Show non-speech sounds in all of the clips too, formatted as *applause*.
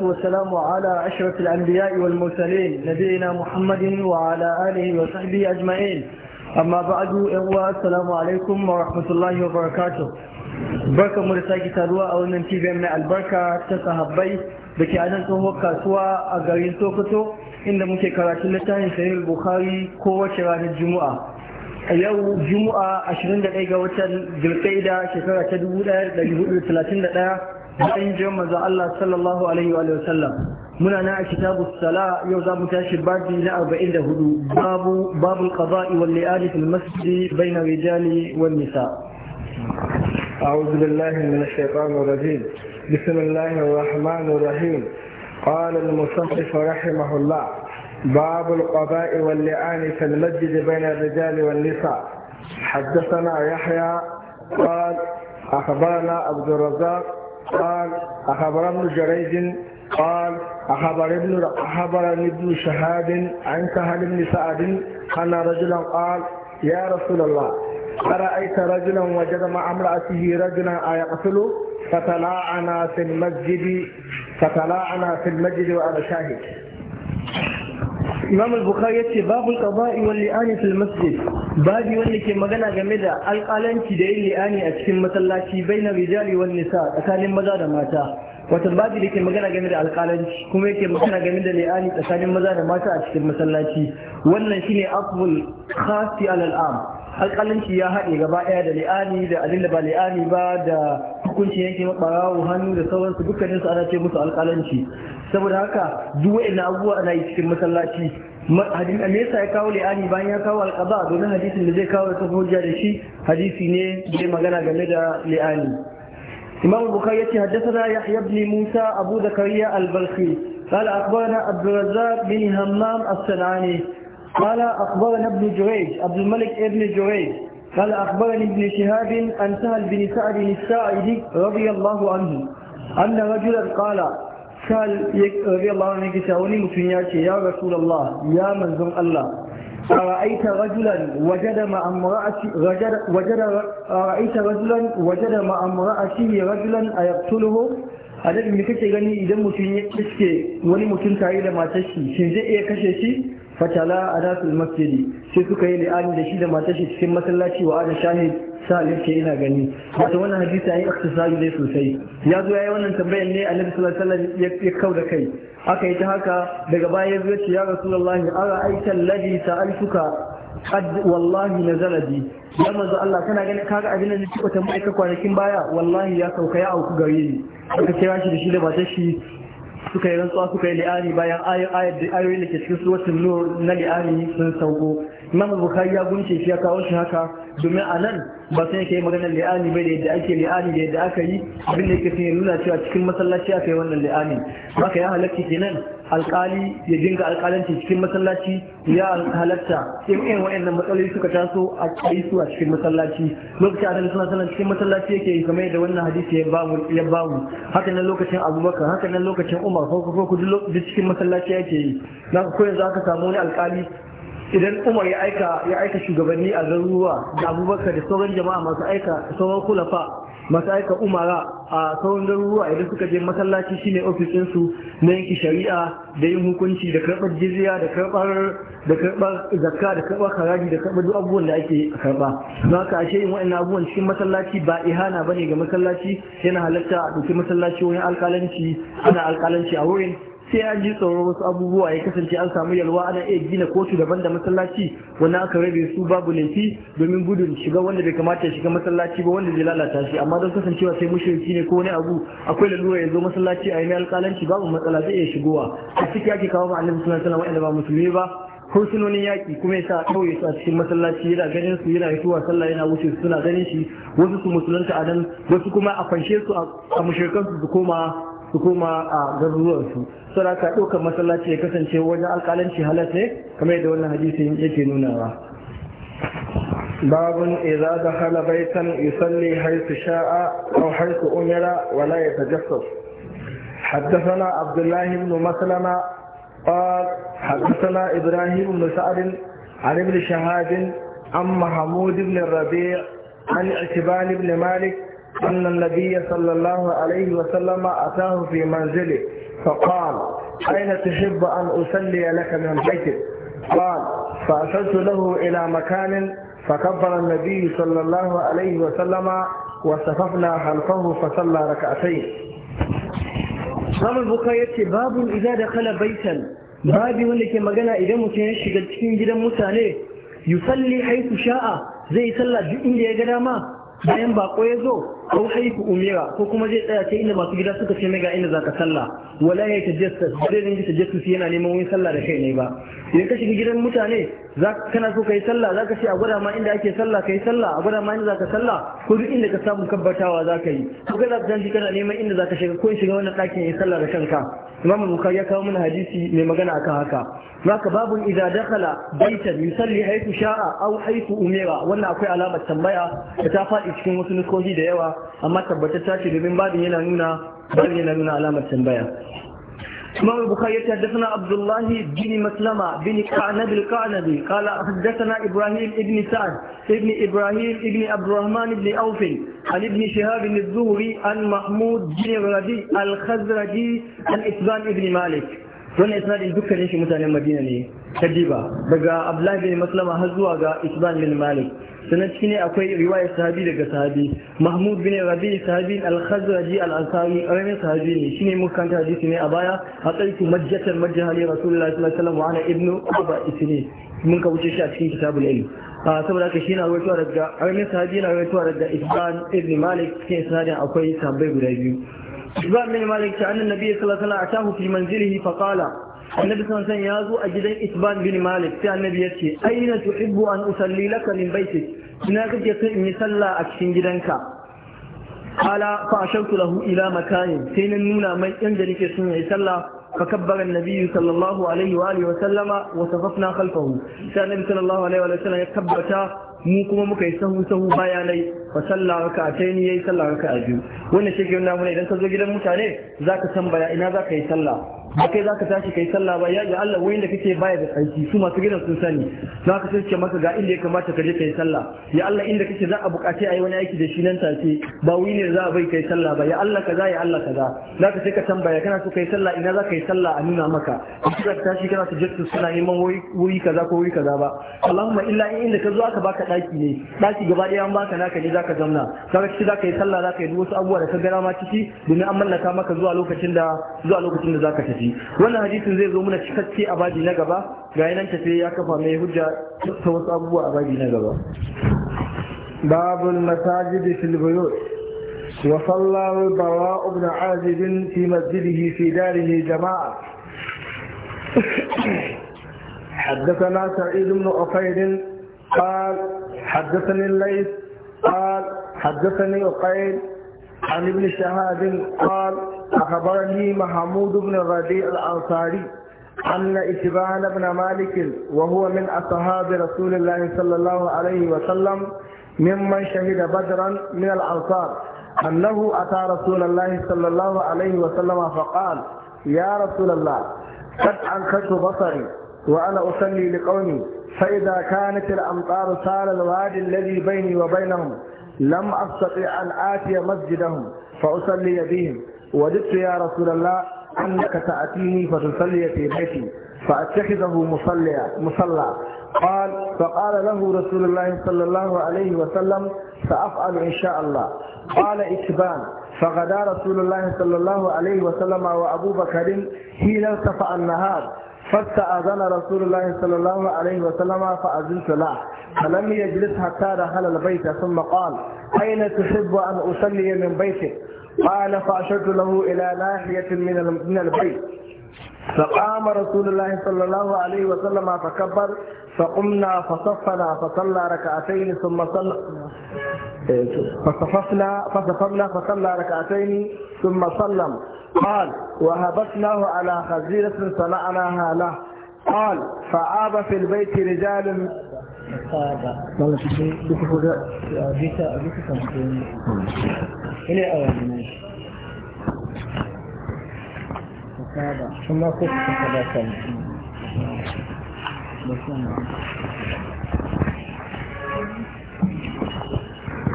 والسلام على أشرف الأنبياء والمرسلين نبينا محمد وعلى آله وصحبه أجمعين أما بعد إخوة السلام عليكم ورحمة الله وبركاته بركة مرساكي تلوى أو ننتي بأمنا البركة تسهبي بكي أنا تهو كاسوا أغارين سوكتو إن مكي كراتي لتاين سهيل البخاري كوة شران الجمعة yau juma'a 21 ga watan zulkaida shekara ta 1431 bayan jiran maza Allah sallallahu alaihi wa sallam muna na a kitabu sala yau za mu tashi babi na 44 babu babul qada'i wal li'adi masjidi bai na rijali wani nisa أعوذ بالله من الشيطان الرجيم بسم الله الرحمن الرحيم قال المصنف رحمه الله باب القضاء واللعان في المسجد بين الرجال والنساء حدثنا يحيى قال أخبرنا عبد الرزاق قال أخبر ابن جريج قال أخبر ابن أخبرني ابن شهاد عن سهل بن سعد أن رجلا قال يا رسول الله أرأيت رجلا وجد مع امرأته رجلا أيقتله فتلاعنا في المسجد فتلاعنا في المسجد وأنا شاهد imam al-bukhari yace babul qada'i wal li'ani fil masjid babi wanda ke magana game da alƙalanci da yin li'ani a cikin masallaci baina rijali wan nisa tsakanin maza da mata wata babi da ke magana game da alƙalanci kuma yake magana game da li'ani tsakanin maza da mata a cikin masallaci wannan shine afdal khasi alal am alƙalanci ya haɗe gaba ɗaya da li'ani da abin ba li'ani ba da hukunci yanke barawo hannu da sauransu dukkanin su ana ce musu alƙalanci saboda haka duk waɗannan abubuwa ana yi cikin masallaci hadin alisa ya kawo li'ani bayan ya kawo alƙaba domin hadisin da zai kawo da kafa hujja da shi hadisi ne zai magana game da li'ani imam bukhari haddasa haddathana yahya ibn musa abu zakariya al-balkhi قال أخبرنا عبد الرزاق بن همام الصنعاني قال أخبرنا ابن جريج عبد الملك ابن جريج قال أخبرني ابن شهاب أن سهل بن سعد الساعدي رضي الله عنه أن رجلا قال سهل رضي الله عنه كساوني مسنياتي يا رسول الله يا منزل الله أرأيت رجلا وجد مع امرأته وجد, وجد أرأيت رجلا وجد مع امرأته رجلا أيقتله أدب me kake gani idan mutum ya kiske wani mutum tare da matar shi shin zai iya kashe shi fatala adatul masjidi sai suka yi li'ani da shi da matar shi cikin masallaci wa ana shahid salim ce ina gani wato wannan hadisi yayi iktisari ne sosai ya zo yayi wannan tambayar ne annabi sallallahu alaihi wasallam ya kau da kai aka yi ta haka daga baya ya ce ya rasulullahi ara aita alladhi sa'altuka qad wallahi nazala bi ya manzo Allah kana ganin kaga abin da kika tambaye ka kwanakin baya wallahi ya sauka ya auku gare ni aka kira shi da shi da matar shi suka yi rantsuwa suka yi li'ani bayan ayoyin da ke cikin suwatun nur na li'ani sun sauko imam bukhari ya gunce shi ya kawo shi haka domin a nan ba sai yi maganar li'ani bai da yadda ake li'ani da yadda aka yi abin da yake sun nuna cewa cikin masallaci aka yi wannan li'ani haka ya halatta kenan alkali ya dinga alkalanci cikin masallaci ya halatta in in matsaloli suka taso a yi su a cikin masallaci lokacin annabi suna alaihi cikin masallaci yake kamar da wannan hadisi ya bamu ya bamu haka nan lokacin abubakar haka nan lokacin umar ko ko duk cikin masallaci yake yi na ko yanzu aka samu wani alkali idan umar ya aika ya aika shugabanni a garuruwa da abubakar da sauran jama'a masu aika sauran kulafa masu aika umara a sauran garuruwa idan suka je masallaci shine ofisin su na yanki shari'a da yin hukunci da karbar jizya da karbar da karbar zakka da karbar karaji, da karbar duk abubuwan da ake karba don haka ashe yin wa'annan abubuwan cikin masallaci ba ihana bane ga masallaci yana halatta a ɗauki masallaci wani alƙalanci ana alƙalanci a wurin sai an ji tsoron wasu abubuwa ya kasance an samu yalwa ana iya gina kotu daban da masallaci wanda aka rabe su babu laifi domin gudun shiga wanda bai kamata ya shiga masallaci ba wanda zai lalata shi amma don kasancewa sai mushriki ne ko wani abu akwai lalura ya zo masallaci a yi alƙalanci babu matsala zai iya shigowa a ciki ake kawo ma annabi sallallahu alaihi wasallam ba musulmi ba fursunonin yaƙi kuma ya sa ɗauye su a cikin masallaci yana ganin su yana fitowa sallah yana wuce suna ganin shi wasu su musulunta a nan wasu kuma a fanshe su a mushirkan su koma su koma a garuruwansu saboda ka ɗaukar masallaci ya kasance wajen alƙalanci halatta kamar yadda wannan hadisin yake nunawa babun idza dakhala baitan yusalli haythu sha'a aw haythu umira wa la yatajassas حدثنا عبد الله بن مسلمة قال حدثنا إبراهيم بن سعد عن ابن شهاد عن محمود بن الربيع عن اعتبال بن مالك أن النبي صلى الله عليه وسلم أتاه في منزله فقال أين تحب أن أسلي لك من بيتك قال فأرسلت له إلى مكان فكبر النبي صلى الله عليه وسلم وصففنا خلفه فصلى ركعتين قام البخاري باب إذا دخل بيتا باب ولك مغنى إذا متنشي قد تكين جدا مساني يصلي حيث شاء زي صلى جئن يا جراما بين باقو يزو aw haiku umira ko kuma zai tsaya ce inda masu gida suka ce mai ga inda zaka sallah wala ya ta jassas ba zai rinji yana neman wani sallah da kai ne ba idan ka shiga gidan mutane za kana so ka yi sallah za ka ce a gwada ma inda ake sallah ka yi sallah a gwada ma inda zaka sallah ko duk inda ka samu kabbatawa za ka yi ko kai za ka kana neman inda zaka shiga ko in shiga wannan ɗakin yi sallah da kanka imamu bukari ya kawo mana hadisi mai magana akan haka zaka babu idan dakala baitan misali haiku sha'a au haiku umira wannan akwai alamar tambaya da ta faɗi cikin wasu nukohi da yawa amma tabbata ta ce domin babin yana nuna babin yana nuna alamar tambaya Imam Bukhari ya tattauna Abdullahi bin Maslama bin Qanab qanabi qala haddathana Ibrahim ibn Sa'd ibn Ibrahim ibn Abdurrahman ibn Auf an ibn Shihab ibn Zuhri an Mahmud bin Rabi, al-Khazraji an isban ibn Malik wannan isnadin dukkanin shi mutanen Madina ne kadiba daga Abdullahi bin Maslama har zuwa ga Ibn Malik sannan shi ne akwai riwaya sahabi daga sahabi mahmud bin rabi sahabi al-khazraji al-ansari ƙaramin sahabi ne shi ne muka kanta hadisi ne a baya a tsarki majjatar majjahali rasulullah sallallahu alaihi wa ana ibnu abba Isini mun ka wuce shi a cikin kitabul ilm saboda haka shi na rawaitowa daga ƙaramin sahabi na rawaitowa daga ibn ibn malik cikin sanadin akwai sahabbai guda biyu ibn malik ta annan nabi sallallahu alaihi wasallam atahu fi manzilihi faqala annabi sallallahu alaihi ya zo a gidan Isban bin Malik sai annabi ya ce aina tuhibbu an usalli laka min baitik ina kake so in yi sallah a cikin gidanka ala fa ashautu lahu ila ne sai na nuna mai inda nake son yi sallah fa kabbara annabi sallallahu alaihi wa alihi wa sallama wa safafna khalfahu sai annabi sallallahu alaihi wa sallam ya kabbata mu kuma muka yi sahu sahu nai, fa sallah raka ta ni yayi sallah raka a biyu wannan shi ke nuna mana idan ka zo gidan mutane zaka tambaya ina zaka yi sallah ba kai zaka tashi kai sallah ba ya ga Allah wai inda kake baya da tsarki su masu gidan sun sani zaka ke maka ga inda ya kamata ka je kai sallah ya Allah inda kake za a bukace ayi wani aiki da shi nan take ba wai ne za a bai kai sallah ba ya Allah kaza ya Allah kaza zaka sai ka tambaya kana so kai sallah ina zaka yi sallah a nuna maka ka tashi kana jikin suna neman wuri kaza ko wuri kaza ba Allahumma illa inda ka zo aka baka daki ne daki gaba ɗaya an baka naka ne zaka zauna kaga ciki zaka yi sallah zaka yi duk wasu abubuwa da ka gara ma ciki domin an mallaka maka zuwa lokacin da zuwa lokacin da zaka tafi wannan hadisin zai zo muna cikakke a babi na gaba ga yanan tafi ya kafa mai hujja ta wasu abubuwa a babi na gaba babul masajid fil buyut وصلى bara ibn azib fi مسجده fi داره jama'a. حدثنا سعيد بن عقيل قال حدثني الليث قال حدثني وقيل عن ابن شهاب قال أخبرني محمود بن الربيع الأنصاري أن إتبان بن مالك وهو من أصحاب رسول الله صلى الله عليه وسلم ممن شهد بدرا من الأنصار أنه أتى رسول الله صلى الله عليه وسلم فقال يا رسول الله قد أنكت بصري وأنا أصلي لقومي فإذا كانت الأمطار سال الوادي الذي بيني وبينهم لم أستطع أن آتي مسجدهم فأصلي بهم وجدت يا رسول الله أنك تأتيني فتصلي في بيتي فأتخذه مصليا مصلى قال فقال له رسول الله صلى الله عليه وسلم سأفعل إن شاء الله قال إكبان فغدا رسول الله صلى الله عليه وسلم وأبو بكر حين ارتفع النهار فاستأذن رسول الله صلى الله عليه وسلم فأذنت له فلم يجلس حتى دخل البيت ثم قال أين تحب أن أصلي من بيتك قال فأشرت له إلى ناحية من البيت فقام رسول الله صلى الله عليه وسلم فكبر فقمنا فصفنا فصلى ركعتين ثم صلى فصففنا فصففنا فصلى ركعتين ثم صلى قال وهبتناه على خزيرة صنعناها له قال فعاب في البيت رجال ثم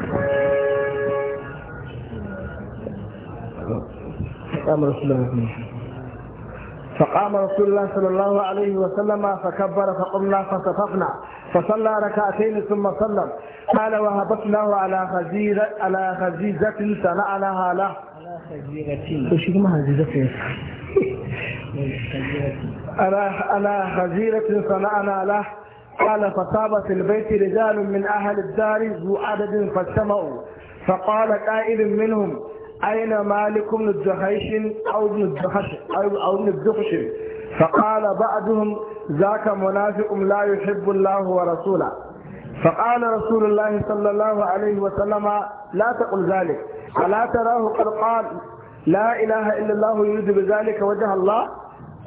you. فقام رسول الله فقام رسول الله صلى الله عليه وسلم فكبر فقمنا فصففنا فصلى ركعتين ثم سلم قال وهبطناه على خزيرة على خزيزة صنعناها له على خزيرة وش ما خزيزة على على خزيرة صنعنا له قال فصاب في البيت رجال من أهل الدار ذو عدد فاجتمعوا فقال قائل منهم أين مالك بن الجحيش أو بن الجحش أو بن الجحش فقال بعضهم ذاك منافق لا يحب الله ورسوله فقال رسول الله صلى الله عليه وسلم لا تقل ذلك ألا تراه قد قال لا إله إلا الله يريد بذلك وجه الله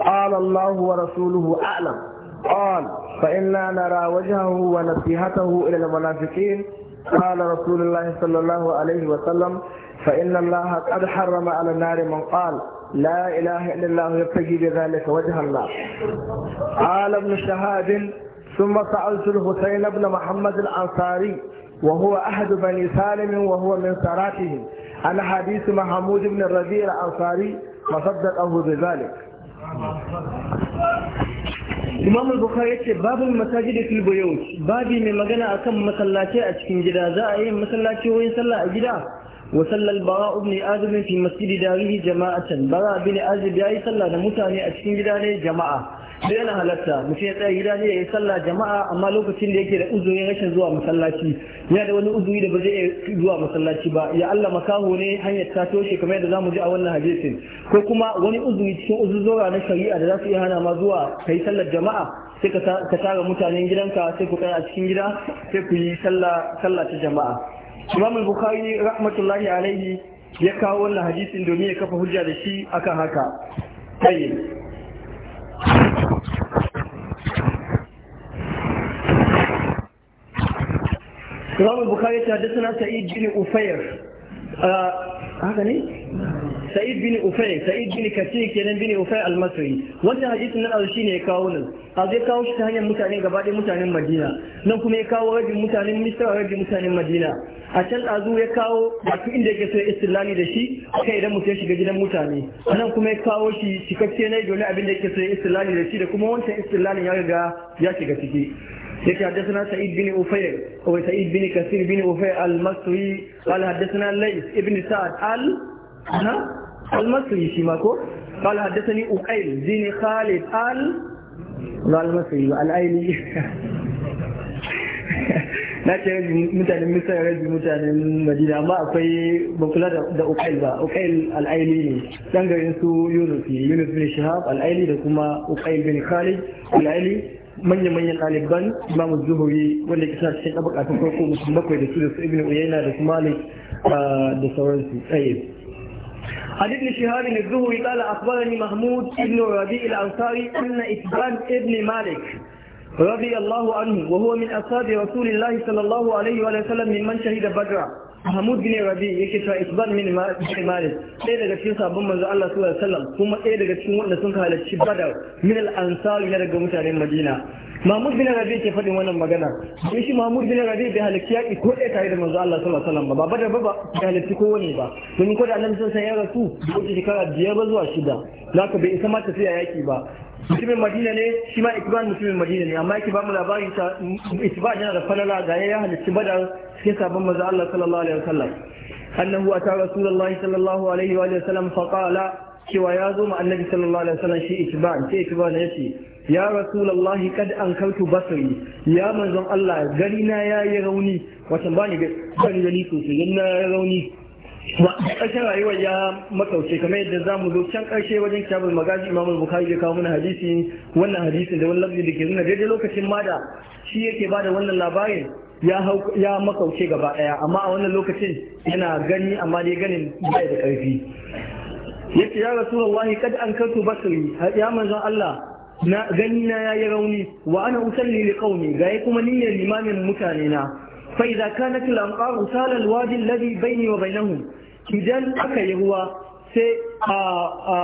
قال الله ورسوله أعلم قال فإنا نرى وجهه ونصيحته إلى المنافقين قال رسول الله صلى الله عليه وسلم فإن الله قد حرم على النار من قال لا إله إلا الله يبتغي بذلك وجه الله قال ابن شهاب ثم سألت الحسين بن محمد الأنصاري وهو أحد بني سالم وهو من سراتهم عن حديث محمود بن الربيع الأنصاري فصدقه بذلك imam al-bukhari yace babul masajid fil buyut babi mai magana akan masallaci a cikin gida za a yi masallaci wurin sallah a gida wa sallal bara ibn azib fi masjid darihi jama'atan bara ibn azib yayi sallah da mutane a cikin gida ne jama'a sai yana halatta mutum ya tsaya gida ne ya yi sallah jama'a amma lokacin da yake da uzuri rashin zuwa masallaci yana da wani uzuri da ba zai iya zuwa masallaci ba ya Allah makaho ne hanyar ta toshe kamar yadda zamu ji a wannan hadisin ko kuma wani uzuri cikin uzuzura na shari'a da za su iya hana ma zuwa kai sallar jama'a sai ka tara mutanen gidanka sai ku tsaya a cikin gida sai ku yi sallah sallah ta jama'a Imam Bukhari rahmatullahi alaihi ya kawo wannan hadisin domin ya kafa hujja da shi akan haka. إمام البخاري حدثنا سعيد بن Haka ne? Sa'id bin بن Sa'id bin بن kenan bin بن al-Masri. wannan hadisin nan arshi ne ya kawo nan a zai kawo shi ta hanyar mutane gaba mutanen Madina nan kuma ya kawo rabin mutanen Misra rabin mutanen Madina a can ɗazu ya kawo masu inda yake so ya istilali da shi a kai idan mutum ya shiga gidan mutane a nan kuma ya kawo shi cikakke ne domin abin da yake so ya istilali da shi da kuma wancan istilalin ya riga ya shiga ciki yake haddasa na sa'id bin ufair o sa'id bin kasir bin ufair al-masri qala haddathana lays ibn sa'ad al ha al-masri shi ma ko qala haddathani uqail zini khalid al al-masri al-aili *laughs* na ce mutanen misar rabi mutanen madina amma akwai ba kula da ukail ba ukail al'aili ne dan garin su yunus ne yunus bin shahab al'aili da kuma ukail bin khalid al'aili manya-manyan ɗaliban imamu zuhuri wanda ke sa cikin ɗabaka ta farko mutum bakwai da su da su ibn uyaina da su malik ah, da sauransu tsaye عن ابن شهاب الزهري قال أخبرني محمود بن ربيع الأنصاري أن إثبان ابن مالك رضي الله عنه وهو من أصحاب رسول الله صلى الله عليه وسلم ممن شهد بدرا Mahmud bin Rabi yake cewa Isban min Malik ɗaya daga cikin sabon manzo Allah sallallahu alaihi wasallam kuma ɗaya daga cikin wanda sun halarci Badar min al-Ansar ya daga mutanen Madina Mahmud bin Rabi ke faɗin wannan magana sai shi Mahmud bin Rabi bai halarci yaƙi ko ɗaya tare da manzo Allah sallallahu alaihi wasallam ba Badar ba ba bai halarci ko wani ba domin ko da Annabi sallallahu alaihi ya rasu da shekara biyar ba zuwa shida zaka bai isa ma tafiya yaƙi ba mutumin madina ne shi ma ikiban mutumin madina ne amma yake ba mu labarin ta ikiban yana da falala ga ya halicci badar cikin sabon maza Allah sallallahu alaihi wasallam annahu ata rasulullahi sallallahu alaihi wa sallam fa qala cewa ya zo ma annabi sallallahu alaihi wasallam shi ikiban sai ikiban ya ce ya rasulullahi kad an kautu basri ya manzon Allah gari na yayi rauni wato bani gani sosai gari na yayi rauni ƙarshen rayuwar ya makauce kamar yadda za mu zo can ƙarshe wajen kitabul magaji imamul bukhari zai kawo mana hadisi wannan hadisin da wani lafzi da ke nuna daidai lokacin ma da shi yake ba da wannan labarin ya makauce gaba ɗaya amma a wannan lokacin yana gani amma dai ganin bai da ƙarfi yace ya rasulullahi kad an kantu basri ya manzon Allah na gani na yayi rauni wa ana usalli li qaumi ga kuma ni ne limamin mutane na فإذا كانت الأمطار سال الوادي الذي بيني وبينهم aka yi ruwa, sai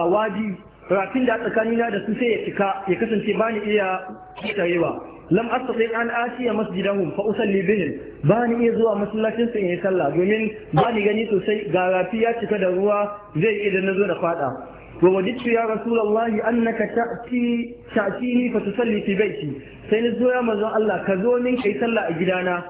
وادي rafin da tsakanina da su sai ya kasance bani ni iya tsayewa lam astati an atiya masjidahum fa usalli bihim ba ni iya zuwa masallacin su in yi sallah domin ba ni gani sosai ga rafi ya cika da ruwa zai idan nazo da fada wa wajidtu ya rasulullahi annaka ta'ti ta'tini fa tusalli fi baiti sai ni zo ya manzon Allah ka zo min kai sallah a gidana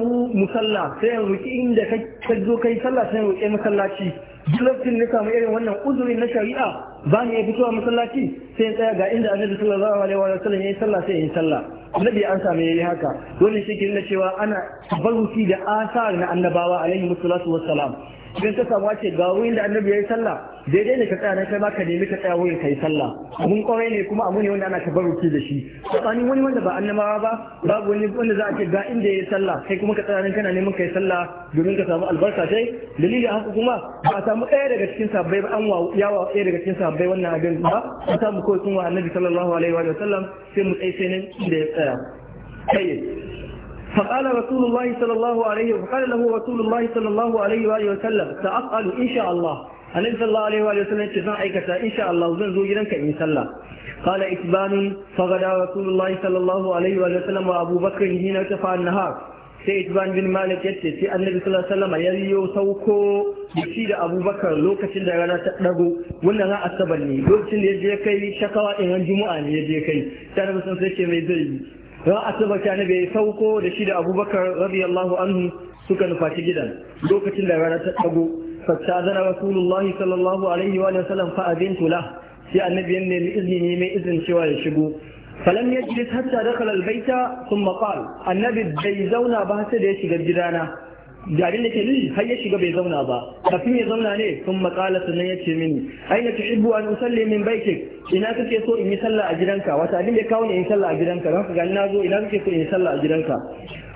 mu musalla sai in roki inda ka zo kai sallah sai in masallaci duk lokacin na samu irin wannan uzurin na shari'a ba ni ya fitowa masallaci sai in tsaya ga inda annabi sallallahu alaihi wa sallam yi sallah sai yayi sallah annabi an ya yi haka dole shi ke nuna cewa ana baruki da asar na annabawa alaihi wasu wassalam idan ta samu ce ga wurin da annabi ya yi sallah daidai ne ka tsaya nan kai ma ka nemi ka tsaya wurin ka yi sallah abun kwarai ne kuma abu ne wanda ana ruki da shi tsakanin wani wanda ba annabawa ba babu wani wanda za a ce ga inda ya yi sallah kai kuma ka tsaya nan kana neman ka yi sallah domin ka samu albarka sai. dalilin haka kuma ba a samu ɗaya daga cikin sabbai ba an yawa ɗaya daga cikin sabbai wannan abin ba a samu kawai sun wa annabi sallallahu alaihi wa sallam sai mu tsaye sai nan inda ya tsaya. فقال رسول الله صلى الله عليه فقال له رسول الله صلى الله عليه وآله وسلم سأفعل إن شاء الله النبي صلى الله عليه وآله وسلم تزن أيكتا إن شاء الله زن زوجنك إن صلى قال إتبان فغدا رسول الله صلى الله عليه وآله وسلم وأبو بكر هنا ارتفع النهار sai Itban bin Malik ya ce sai Annabi sallallahu alaihi wasallam ya yiwo sauko shi da Abubakar lokacin da rana ta dago wannan ran asabar ne lokacin da ya je kai shakawa din Juma'a ne ya je kai sai Annabi sallallahu alaihi wasallam sai ce mai zai ran asuba ta nabi ya sauko da shi da abubakar radiyallahu anhu suka nufaci gidan lokacin da rana ta tsago zana rasulullahi sallallahu alaihi wa sallam fa azintu la sai annabi ya nemi izini mai izin cewa ya shigo falam yajlis hatta dakhala albayta thumma qala annabi bai zauna ba sai da ya shiga gidana jarin da ke ni har ya shiga bai zauna ba kafin ya zauna ne sun makala sannan ya ce mini aina shibu an usalli min baikin? ina kake so in yi sallah a gidanka wata abin da kawo ne in sallah a gidanka don haka na zo ina kake so in yi sallah a gidanka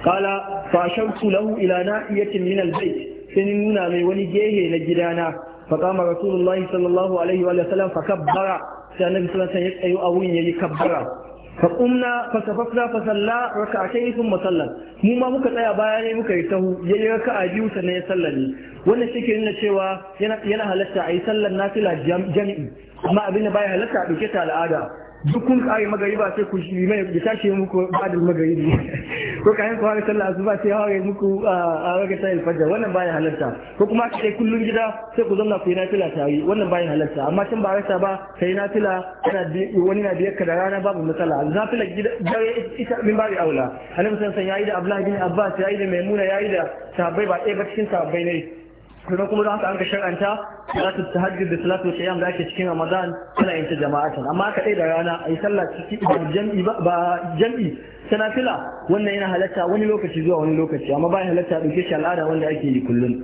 kala fa shamsu lahu ila na'iyatin min albayt sai nuna mai wani gehe na gidana fa kama rasulullahi sallallahu alaihi wa sallam fa kabbara sai annabi sallallahu alaihi wa sallam ya tsayo a wurin yayi kabbara فقمنا فصففنا فصلى ركعتين ثم صلى mu ma muka tsaya baya ne muka yi tahu ya yi raka'a biyu sannan ya sallame wannan shi ke nuna cewa yana halatta a yi sallar nafila jami'i amma abin da baya halatta a ɗauke ta al'ada duk kun kare magariba sai ku shi mai ya tashi muku badal magaribi *laughs* ko kayan ku haka sallah asuba sai hawaye muku a raga ta alfajar wannan bayan halarta ko kuma ka sai kullun gida sai ku zauna ku yi nafila tare wannan bayan halarta amma tun ba rasa ba sai nafila ana wani na biyar ka da rana babu matsala nafila gida dare ita min bari aula annabi sallallahu alaihi yayi da abdullahi bin abbas yayi da maimuna yayi da sahabbai ba ɗaya ba cikin sahabbai ne sannan kuma za ka an ka shar'anta salatu tahajjud da salatu qiyam da ake cikin ramadan kana yin ta kan amma ka dai da rana ai sallah ciki ba jami'i ba jam'i sana fila wannan yana halatta wani lokaci zuwa wani lokaci amma ba halatta dauke shi al'ada wanda ake yi kullum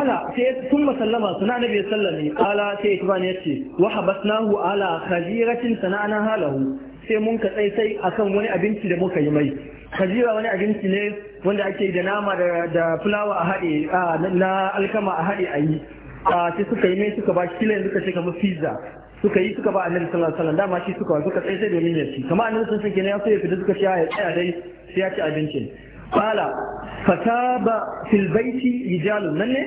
ala sai sun masallama suna nabi wasallam ala sai ya ne yace wa habasnahu ala khaziratin sana'ana halahu sai mun ka sai akan wani abinci da muka yi mai khazira wani abinci ne wanda ake da nama da fulawa a haɗe na alkama a haɗe a yi sai suka yi mai suka ba shi kila suka ce kamar fiza suka yi suka ba annabi sallallahu alaihi wasallam dama shi suka suka tsaye sai domin ya ci kamar annabi sun sake ne ya so ya fita suka ce ya tsaya dai sai ya ci abincin qala fataba fil baiti rijalun nan ne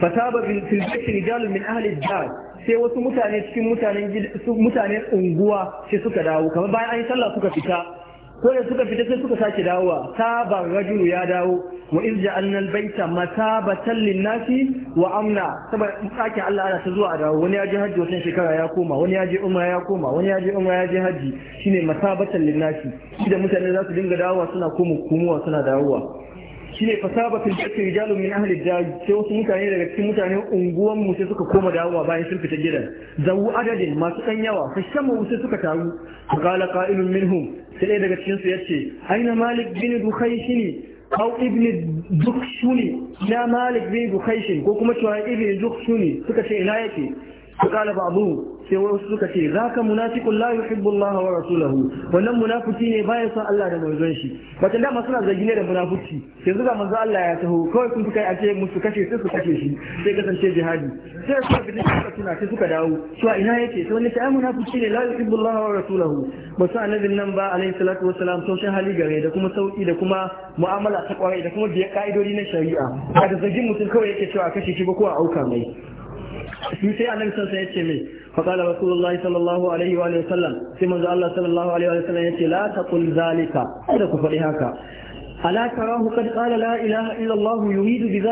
fataba fil baiti rijalun min ahli dar sai wasu mutane cikin mutanen mutanen unguwa sai suka dawo kamar bayan an yi sallah suka fita ko da suka fita sai suka sake dawowa saba rajulu ya dawo wa izja annal baita masabatan lin-nasi wa amna saboda sake Allah ana ta zuwa a dawo wani ya je hajji wannan shekara ya koma wani ya je umra ya koma wani ya je umra ya je hajji shine masabatan lin-nasi shi da mutane za su dinga dawowa suna koma kumuwa suna dawowa shi ne fasabatin da ake rijalun min ahli da sai wasu mutane daga cikin mutanen unguwan mu sai suka koma dawowa bayan sun fita gidan zawu adadin masu ɗan yawa fashamu sai suka taru qala qa'ilun minhum sai ɗaya daga cikin su yace aina malik bin dukhayshini ko ibn dukhshuni ya malik bin dukhayshin ko kuma cewa ibn dukhshuni suka ce ina yake فقال بعضهم sai wasu suka ce za ka munafikun la yuhibbu Allah wa rasulahu wannan munafiki ne bayan son Allah da manzon shi wata dama suna zargi ne da munafiki yanzu ga manzon Allah ya taho kawai sun kai a ce musu kashe sai su kashe shi sai kasance jihadi sai suka fita suka tuna sai suka dawo to a ina yake sai wani ta munafiki ne la yuhibbu Allah wa rasulahu ba su annabin nan ba alaihi salatu wassalam sun shan hali gare da kuma sauki da kuma mu'amala ta kwarai da kuma biya ka'idodi na shari'a a da zargin mutum kawai yake cewa kashe shi ba ko a auka mai shi sai annabi sallallahu ya ce mai فقال رسول الله صلى الله عليه وآله وسلم ثم الله صلى الله عليه وآله وسلم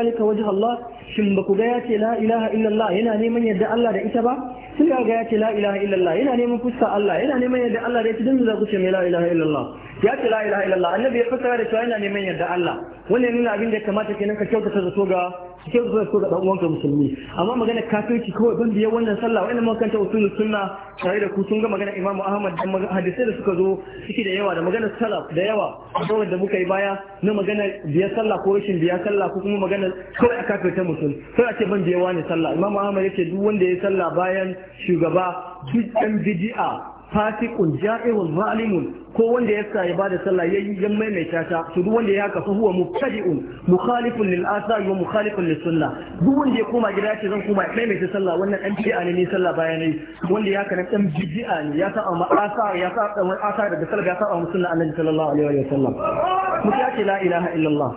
يقول لا shin ba ku ga yace la ilaha illallah yana neman yadda Allah da ita ba sun ga yace la ilaha illallah yana neman fuska Allah yana neman yadda Allah da ita don za ku ce la ilaha illallah ya ce la ilaha illallah annabi ya fassara da cewa yana neman yarda Allah ya nuna abin da ya kamata kenan ka kyautata zato ga kyautata zato ga dan uwanka musulmi amma magana kafirci kawai ban biya wannan sallah wannan kanta usul sunna tare da ku sun ga magana Imam Ahmad da hadisai da suka zo suke da yawa da magana salaf da yawa kawai da muka yi baya na magana biya sallah ko rashin biya sallah ko kuma magana kawai a kafirta musulmi sai a ce ban biya wani sallah Imam Ahmad ce duk wanda ya sallah bayan shugaba duk dan bid'a fasiqun ja'irun zalimun ko wanda ya sa ya bada sallah yayi yan maimaita ta to duk wanda ya haka fa huwa mubtadi'un mukhalifun lil athar wa mukhalifun lis sunnah duk wanda ya koma gida ce zan koma maimaita sallah wannan dan bid'a ne sallah bayan ne wanda ya haka nan dan bid'a ne ya sa amma asar ya sa dan asar daga sallah ya sa amma sunna annabi sallallahu alaihi wa sallam mutiya ce la ilaha illallah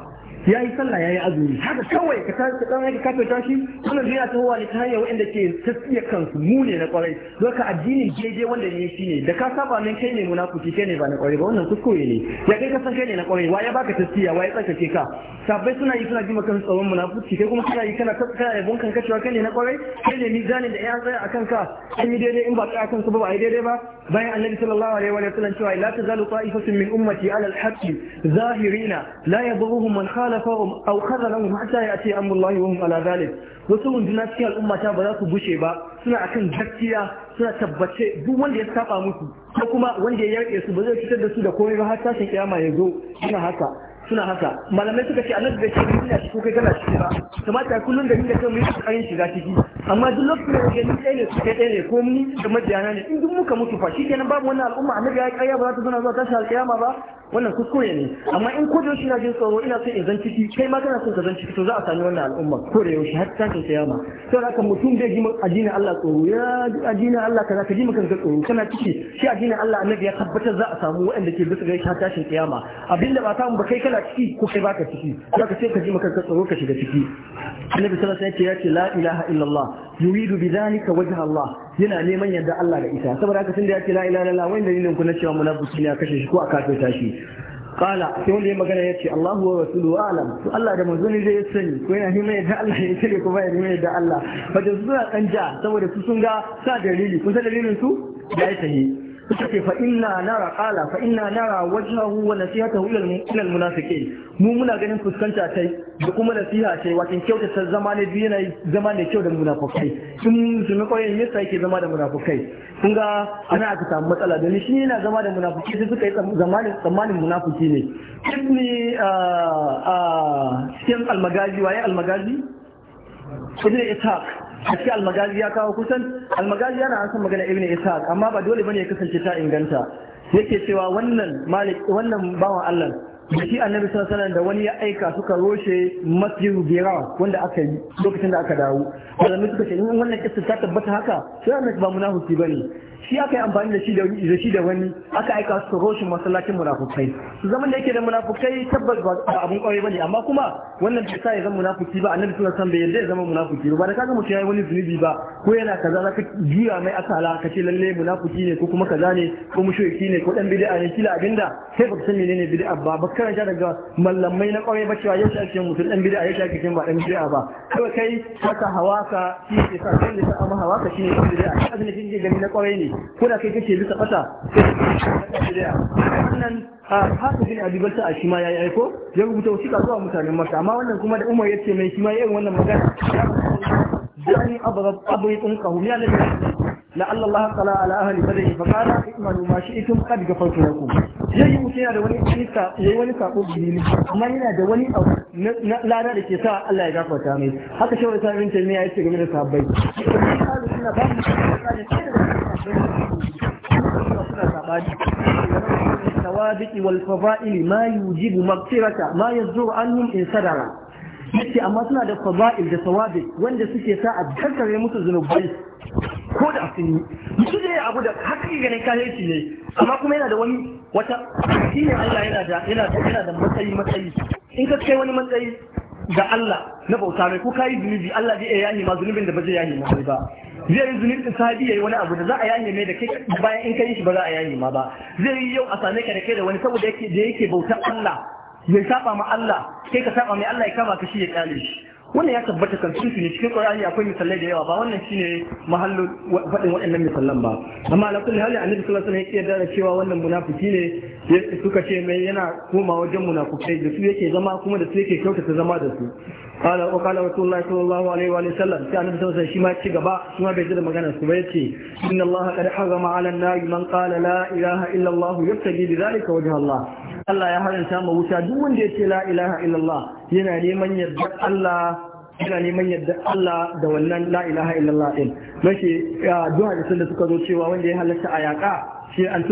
ya yi sallah ya yi azumi haka kawai ka tashi dan aiki kafin tashi wannan zai ta hawa ne ta hanyar wanda ke tafiya kansu mu ne na kwarai don ka addinin daidai wanda ne shi ne da ka saba nan kai ne munafiki kai ne ba na kwarai ba wannan kuskure ne ya kai ka san kai ne na kwarai waye baka tafiya waye tsakace ka sabbai suna yi suna jima kan tsawon munafiki kai kuma kana yi kana kana yabon kanka cewa kai ne na kwarai kai ne mizanin da ya tsaya akan ka kai yi daidai in ba tsaya akan su ba ba yi daidai ba bayan annabi sallallahu alaihi wa sallam cewa la tazalu ta'ifatun min ummati ala al-haqqi zahirina la yadhurruhum man khalafahum aw khadhalahum hatta ya'ti amrullahi wa hum ala dhalik wasu runduna cikin al'umma ta ba za su bushe ba suna akan gaskiya suna tabbace duk wanda ya saba musu ko kuma wanda ya yarke su ba zai fitar da su da komai ba har tashin kiyama ya zo ina haka suna haka malamai suka ce annabi bai ce ni ina ciki kai kana ciki ba kamata kullun da ni da kai mu yi kokarin shiga ciki amma duk lokacin da gani kai ne kai ɗaya ne ko ni da majiyana ne in duk muka mutu fa shikenan babu wannan al'umma annabi ya ƙarya ba za ta zana zuwa tashi alƙiyama ba wannan kuskure ne amma in ko yaushe na jin tsoro ina son in zan ciki kai ma kana son ka zan ciki to za a sami wannan al'umma ko da yaushe har tashin kiyama to haka mutum bai ji addinin Allah tsoro ya addinin Allah kaza ka ji maka tsoro kana ciki shi addinin Allah annabi ya tabbatar za a samu waɗanda ke bisa ga tashin kiyama abinda ba samu ba kai kana ciki ko kai baka ciki zaka ce ka ji maka tsaro ka shiga ciki annabi sallallahu alaihi wasallam ya ce la ilaha illallah yuridu bidhalika wajha Allah yana neman yadda Allah da ita saboda haka tunda ya ce la ilaha illallah wanda dalilin ku na cewa munafiki ne a kashe shi ko a kafirta tashi. kala sai wanda ya magana ya ce Allahu wa rasulu alam to Allah da manzo ne zai sani ko yana neman yadda Allah ya ce ko baya neman yadda Allah fa da suna kanja saboda su sun ga sa dalili kun san dalilin su ya yi sahi suka fa inna nara qala fa inna nara wajhahu wa nasihatahu ila al munafiqin mu muna ganin fuskanta tai da kuma nasiha tai wato kyautata zama ne biyu yana zama ne kyau da munafikai sun sun koyi yasa yake zama da munafukai, kun ga ana aka samu matsala da shi yana zama da munafiki sai suka yi zamanin tsammanin munafiki ne ibni a ah, ah, cikin almagazi waye almagazi ibni ishaq Haske almagazi ya kawo kusan almagazi yana an san magana ibn ishaq amma ba dole bane ya kasance ta inganta yake cewa wannan malik wannan bawan Allah da shi annabi sallallahu alaihi da wani ya aika suka roshe masjidu bira wanda aka yi lokacin da aka dawo malamai suka ce in wannan kissa ta tabbata haka sai annabi ba munafiki bane shi aka yi amfani da shi da shi da wani aka aika su roshin masallacin munafukai su zaman da yake da munafukai tabbas ba abun ba bane amma kuma wannan bai sa ya zama munafuki ba annabi sallallahu alaihi bai yarda ya zama munafuki ba da kaga mutum yayi wani zunubi ba ko yana kaza zaka jira mai asala ka ce lalle munafuki ne ko kuma kaza ne ko mushriki ne ko dan bid'a ne kila abinda sai ba san menene bid'a ba ba karanta daga mallamai na kwarai ba cewa yashi ake mutum dan bid'a yashi ake ba dan bid'a ba kawai kai haka hawaka shi ke sa kai da sa amma hawaka shi ne bid'a azumi kin gani na kwarai ne kuna da kai kake bisa kasa wannan haka bin abi balta a shi ma yi aiko ya rubuta wasiƙa zuwa mutanen maka amma wannan kuma da umar ya ce mai shi ma irin wannan magana dan abu abu ya tsunka hulya ya lalle لعل الله اطلع على اهل بدر فقال اعملوا ما شئتم قد غفرت لكم yayi mutum yana da wani yayi wani sako bilili amma yana da wani abu lada da ke sa Allah ya gafarta mai haka shawar ta min taimiya yace game da sahabbai suna ba mu suna sabani tawadi wal fadail ma yujibu maghfirata ma sadara yake amma suna da fada'il da sawabi wanda suke sa a karkare musu zunubai ko da sun yi mutum ne abu da haka ganin kahirci ne amma kuma yana da wani wata shine Allah yana da yana da yana da matsayi matsayi in ka kai wani matsayi ga Allah na bauta mai ko kai zunubi Allah zai yahi ma zunubin da ba zai yahi ma ba zai yi zunubin sahabi yayi wani abu da za a yahi mai da kai bayan in kai shi ba za a yahi ma ba zai yi yau a same ka da kai da wani saboda yake da yake bautar Allah ya saba ma Allah sai ka saba mai Allah ya kama ka shi ya kyale shi wannan ya tabbata kan su ne cikin qur'ani akwai misalai da yawa ba wannan shine mahallin faɗin waɗannan misalan ba amma ala kulli hali annabi sallallahu alaihi wasallam ya yarda cewa wannan munafiki ne suka ce mai yana koma wajen munafikai da su yake zama kuma da su yake kyautata zama da su qala wa qala rasulullah sallallahu alaihi wa sallam sai annabi sallallahu alaihi wasallam shi ma ci gaba shi ma bai jira magana su ba yace inna allaha qad harrama ala an-nari man qala la ilaha illa allah yabtaghi bi dhalika wajha allah Allah ya haranta ma wuta duk wanda ya ce la ilaha illallah yana neman yadda Allah yana neman yadda Allah da wannan la ilaha illallah din mace duk hadisin da suka zo cewa wanda ya halatta a shi an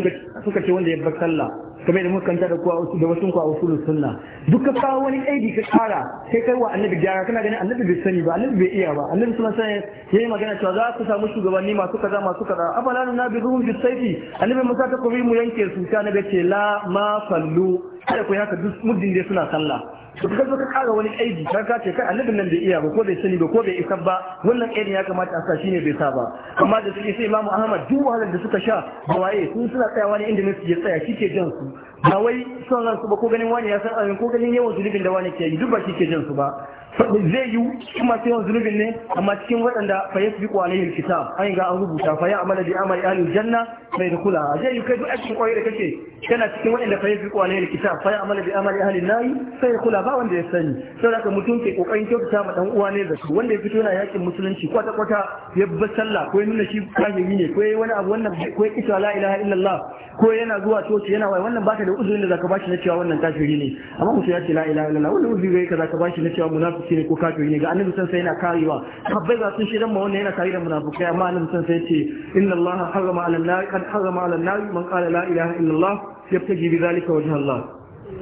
suka ce wanda ya bar sallah kuma idan muka kanta da kuwa da wasu kuwa usulul sunna duk ka wani aidi ka kara sai kai wa annabi gyara kana ganin annabi bai sani ba annabi bai iya ba annabi sun alaihi wasallam yayi magana cewa za ku samu shugabanni masu kaza masu kaza afala na nabiruhum sayfi annabi musa ta kuri mu yanke su ta ga ce la ma fallu kada ku haka duk muddin dai suna sallah to ka zo ka kara wani aiki ka ka ce kai annabin nan bai iya ba ko bai sani ba ko bai isa ba wannan aiki ya kamata a sa shine bai sa ba amma da suke sai Imam Ahmad duk wahalar da suka sha da waye sun suna tsayawa ne inda su je tsaya kike jan su ba wai son su ba ko ganin wani ya san amin ko ganin yawan zunubin da wani ke yi duk ba kike jan su ba zai yi cikin masu yawan zunubin ne amma cikin waɗanda fa ya fi kwalayin kitab an ga an rubuta fa a madadi a mai ahli janna mai da kula a zai yi kai duk aikin koyi da kake yana cikin waɗanda fa ya fi kwalayin kitab fa a amala bi amali ahli nayi da kula ba wanda ya sani da aka mutum ke kokarin kyautata ma dan uwa ne da su wanda ya fito yana yakin musulunci kwata kwata ya bi sallah ko ya nuna shi kafiri ne ko ya wani abu wannan ko ya kisa la ilaha illallah ko yana zuwa coci yana wai wannan ba ka da uzurin da za ka ba shi na cewa wannan kafiri ne amma mutum ya ce la ilaha illallah wani uzuri ka za ka ba shi na cewa munafi munafiki ne ko kafiri ne ga annabi san sai yana karewa habbai ga sun shirin ma wannan yana kare da munafikai amma annabi san sai ce inna allaha harrama ala an-nar qad harrama ala an-nar man qala la ilaha illa allah yabtaji bi dhalika wajha allah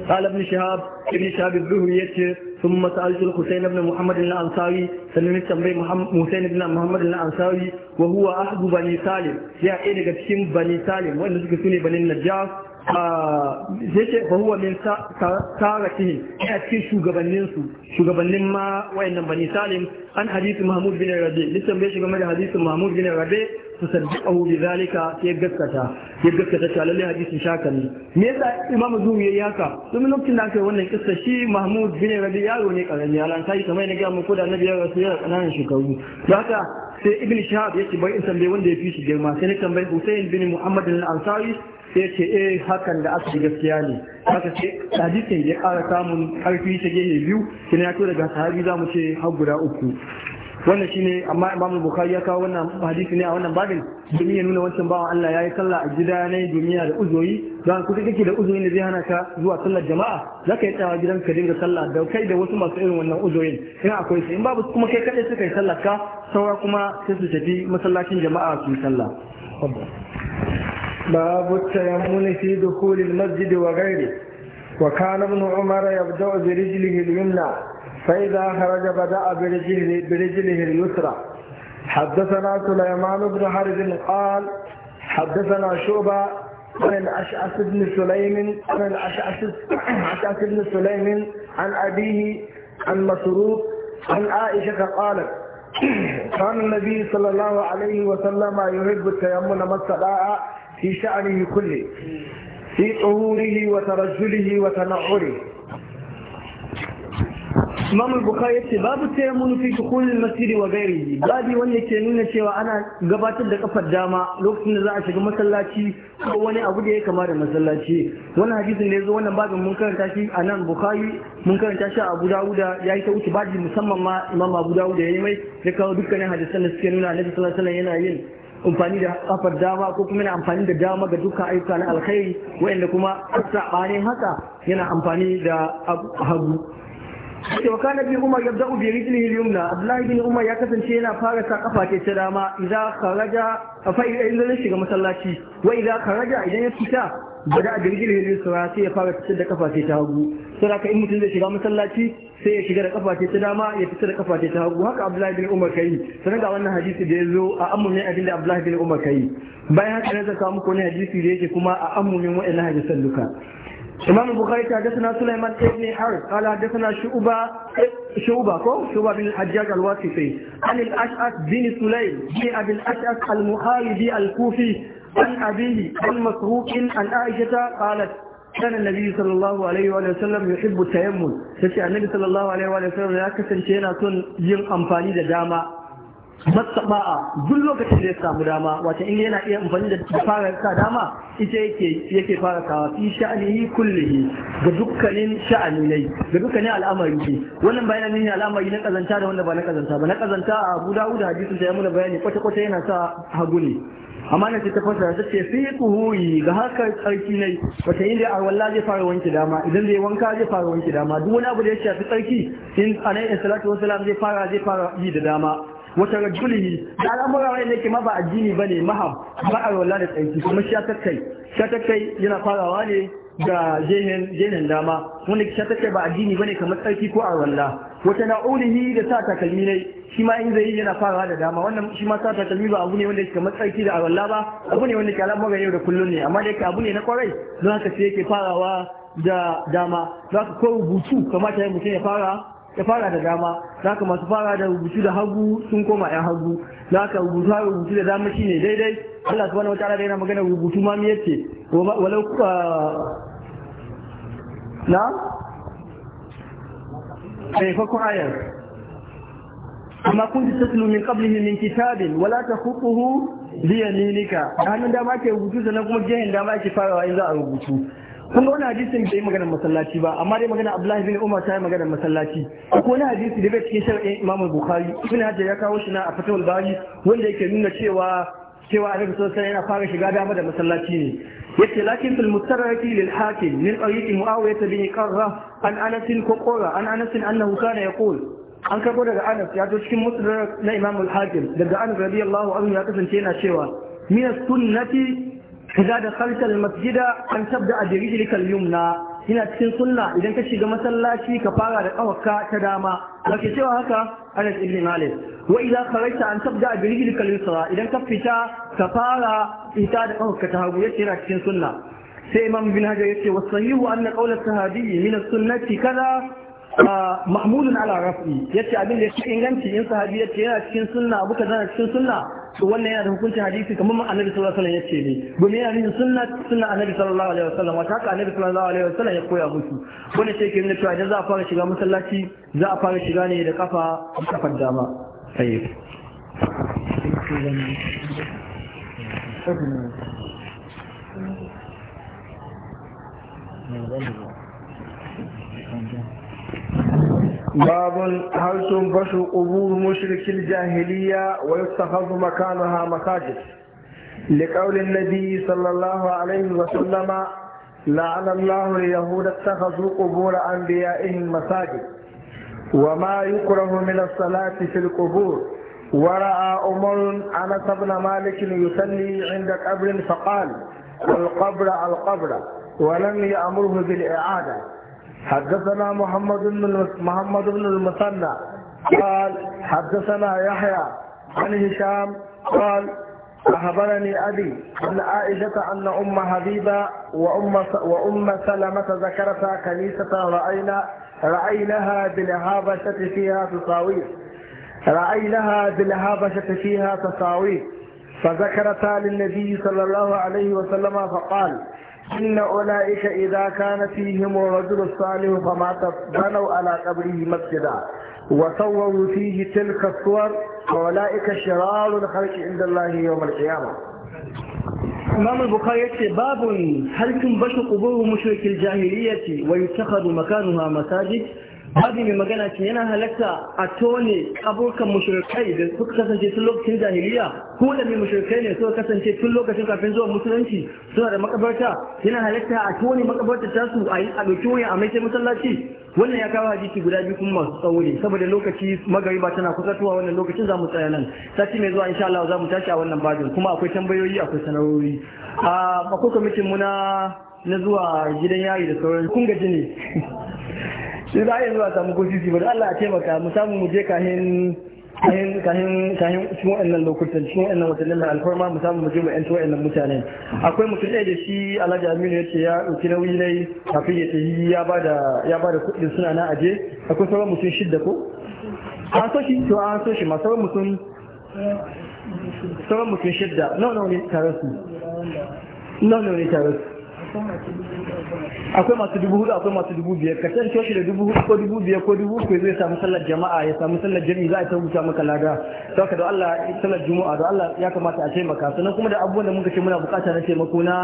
قال ابن شهاب ابن شهاب الزهري يتي ثم سألت الحسين بن محمد الأنصاري سنمت تنبي حسين بن محمد الأنصاري وهو أحد بني سالم يا إيه بني سالم وإن بني sai ah, ce fa huwa min saratihim ya cikin shugabannin su shugabannin ma wayannan bani salim an hadisi mahmud bin rabi lissan bai shiga mai hadisi mahmud bin rabi su saddiqahu bi zalika ya gaskata ya gaskata ta lalle hadisin shaka ne me yasa imamu zuwi yi haka domin lokacin da aka yi wannan kissa shi mahmud bin rabi yaro ne karami alan sai kamar ne ga mu ko da annabi ya rasu yana kananan shekaru haka sai ibn shahab ci bai in tambaye wanda ya fi shi girma sai na tambaye Hussein bin Muhammad al-Ansari sai ce eh hakan da aka gaskiya ne haka sai hadisin ya ƙara samun ƙarfi ta gehe biyu kina ya to daga sahabi za mu ce har guda uku wannan shine amma imamu bukhari ya kawo wannan hadisi ne a wannan babin domin ya nuna wancan bawan Allah yayi sallah a gida ne duniya da uzoyi zan kuka kike da uzoyin da zai hana ka zuwa sallar jama'a zaka yi tsawa gidan ka dinga sallah da kai da wasu masu irin wannan uzoyin in akwai su in babu kuma kai kadai suka yi sallar ka saura kuma sai su tafi masallacin jama'a su yi sallah باب التيمم في دخول المسجد وغيره وكان ابن عمر يبدأ برجله اليمنى فإذا خرج بدأ برجله, برجله اليسرى حدثنا سليمان بن حرب قال حدثنا شعبة عن الأشعث بن سليم عن الأشعث بن سليم عن أبيه عن مسروق عن عائشة قالت كان النبي صلى الله عليه وسلم يحب التيمم ما استطاع في شأنه كله في طهوره وترجله وتنعره امام البخاري باب التيمم في دخول المسجد وغيره باب وني wa ghairihi babi wanda ke nuna cewa ana gabatar da kafar dama lokacin da za a shiga masallaci ko wani abu da wannan hadisin da yazo wannan babin mun karanta shi anan Bukhari mun karanta shi Abu Dawud ya yi ta wuce babin musamman ma Imam Abu Dawud ya yi mai ya kawo dukkanin hadisan da suke nuna Annabi sallallahu alaihi wasallam yana yin amfani da kafar dama ko kuma yana amfani da dama ga duka ayyuka na alkhairi wa'anda kuma sabanin haka yana amfani da hagu wa na bi umar yabda'u bi rijlihi al-yumna abdullahi bin umar ya kasance yana fara sa kafa ce ta dama karaja kharaja fa idan shiga masallaci wa idan kharaja idan ya fita ba da girgire ne sura sai ya fara fitar da kafa ta hagu sai ka in mutum zai shiga masallaci sai ya shiga da kafa ta dama ya fitar da kafa ta hagu haka Abdullahi bin Umar kai sai ga wannan hadisi da ya zo a ammumin abin da Abdullahi bin Umar kai bayan haka ne zaka muku ne hadisi da yake kuma a ammumin wa'annan hadisan duka إمام البخاري حدثنا سليمان بن حرب قال حدثنا شعبة شعبة كو شعبة بن الحجاج الواسطي عن الأشعث بن سليم بن أبي الأشعث المحاربي الكوفي عن أبيه عن مسروق عن عائشة قالت كان النبي صلى الله عليه وآله وسلم يحب التيمم تشي النبي صلى الله عليه وآله وسلم ya kasance yana son yin amfani da dama matsaba'a duk lokacin da ya samu dama wata in yana iya amfani da fara sa dama ita yake yake fara kawa fi sha'anihi kullihi ga dukkanin sha'ani ne ga dukkanin al'amari ne wannan bayanin ne al'amari na kazanta da wanda ba na kazanta ba na kazanta a Abu Dawud hadisin da ya muna bayani kwata kwata yana sa hagu ne amma nan ta fasa ta ce fi kuhuyi ga haka tsarki ne wata inda a walla zai fara wanke dama idan zai wanka zai fara wanke dama duk wani abu da ya shafi tsarki in anai salatu wasalam zai fara zai fara yi da dama wata rajulihi da al'amura wani ne ma ba addini ne maham ba a walla da tsarki kuma shatakai shatakai yana farawa ne ga jehen dama wanda kisha take ba addini bane kamar tsarki ko walla wata na'ulihi da sa takalmi ne shi ma in zai yi yana farawa da dama wannan shi ma sa takalmi ba abu ne wanda yake kamar tsarki da walla ba abu ne wanda ke ga yau da kullun ne amma da yake abu ne na kwarai don haka sai yake farawa da dama za ka ko rubutu kamata ya mutum ya fara ya fara da dama za ka masu fara da rubutu da hagu sun koma yan hagu za ka rubutu rubutu da dama shine daidai Allah subhanahu wataala da yana magana rubutu ma me yace walau ah, na? mai farkon ayar amma kun ji tattalin min kablihi min kitabin wala ta hukuhu biya ninika a hannun dama ke rubutu sannan kuma jihin dama ake farawa in za a rubutu kun ga hadisi hadisin bai magana masallaci ba amma dai magana Abdullahi bin Umar ta yi magana masallaci akwai wani hadisi da bai cikin in imamu Bukhari Ibn Hajji ya kawo shi na a Fathul Bari wanda yake nuna cewa cewa Annabi sallallahu alaihi yana fara shiga dama da masallaci ne yace lakin fil mustarraki lil hakim min tariqi muawiyah bin qarra an anas ko qura an anas annahu kana yaqul an karbo daga anas ya zo cikin musnad na imam al hakim daga anas radiyallahu anhu ya kasance yana cewa min as-sunnati idza dakhalta al masjida an tabda bi rijlika al yumna Kina cikin sunna idan ka shiga masallaci ka fara da kawaka ta dama wake cewa haka Anas ibn Malik wa idza kharajta an tabda bi rijlika al-yusra idan ka fita ka fara ita da kawaka ta hagu yace yana cikin sunna sai Imam bin Hajar yace wasahihu anna qawla sahabi min as-sunnati kaza mahmudun ala rafi ce, abin da yake inganci in sahabi yace yana cikin sunna abu kaza yana cikin sunna to wannan yana da hukuncin hadisi kamar annabi sallallahu alaihi wasallam ce ne domin yana nuna sunna sunna annabi sallallahu alaihi wasallam wata haka annabi sallallahu alaihi wasallam ya koya musu wanda sai ke nuna cewa idan za a fara shiga masallaci za a fara shiga ne da kafa kafar dama sai Thank you. babun harsun basu ƙubur mushrikin jahiliya wa yastakhadhu makanaha masajid liqawlin nabi sallallahu alaihi wa sallam la'ana allahu alyahud attakhadhu qubur anbiya'ihim masajid wa ma yukrahu min as-salati fil qubur wa ra'a umar anas ibn malik yusalli 'inda qabrin faqala al-qabr al-qabr wa lam ya'murhu bil حدثنا محمد بن محمد بن المثنى قال حدثنا يحيى عن هشام قال أخبرني أبي أن عائشة أن أم حبيبة وأم وأم سلمة ذكرتا كنيسة رأينا رأيناها بالهابشة فيها تصاوير رأيناها بالهابشة فيها تصاوير فذكرتا للنبي صلى الله عليه وسلم فقال إن أولئك إذا كان فيهم الرجل الصالح فمات بنوا على قبره مسجدا وصوروا فيه تلك الصور أولئك شرار الخلق عند الله يوم القيامة إمام البخاري باب هل تنبش قبور مشرك الجاهلية ويتخذ مكانها مساجد babu mai magana ce yana halatta a tone kaburkan mushrikai da suka kasance tun lokacin jahiliya ko da mai mushrikai ne suka kasance tun lokacin kafin zuwa musulunci suna da makabarta yana halatta a tone makabarta ta su a yi a dauki waya a mai masallaci wannan ya kawo hadisi guda biyu kuma masu tsawo saboda lokaci ba tana kusa tuwa wannan lokacin za mu tsaya nan sati mai zuwa insha Allah za mu tashi a wannan bajin kuma akwai tambayoyi akwai sanarori a akwai kwamitin mu na zuwa gidan yari da sauran kun gaji ne *laughs* sai za a yanzu a samu ko sisi bari Allah a taimaka mu samu mu je kahin kahin kahin kahin cikin wa'annan lokutan cikin wa'annan watannin mai alfarma mu samu mu je mu yanci wa'annan mutane. akwai mutum ɗaya da shi Alhaji Aminu ya ce ya ɗauki nauyi nai kafin ya tafi ya ba da ya ba da kuɗin suna na aje akwai sauran mutum shidda ko an so shi to an so shi ma sauran mutum sauran mutum shidda nawa nawa ne tare su nawa nawa ne tare su akwai masu dubu hudu akwai masu dubu biyar ka san coci da dubu hudu ko dubu biyar ko dubu uku zai samu sallar jama'a ya samu sallar jami'i za a ta rubuta maka lada don ka da Allah sallar juma'a da Allah ya kamata a taimaka sannan kuma da abubuwan da muka ce muna bukata na taimako na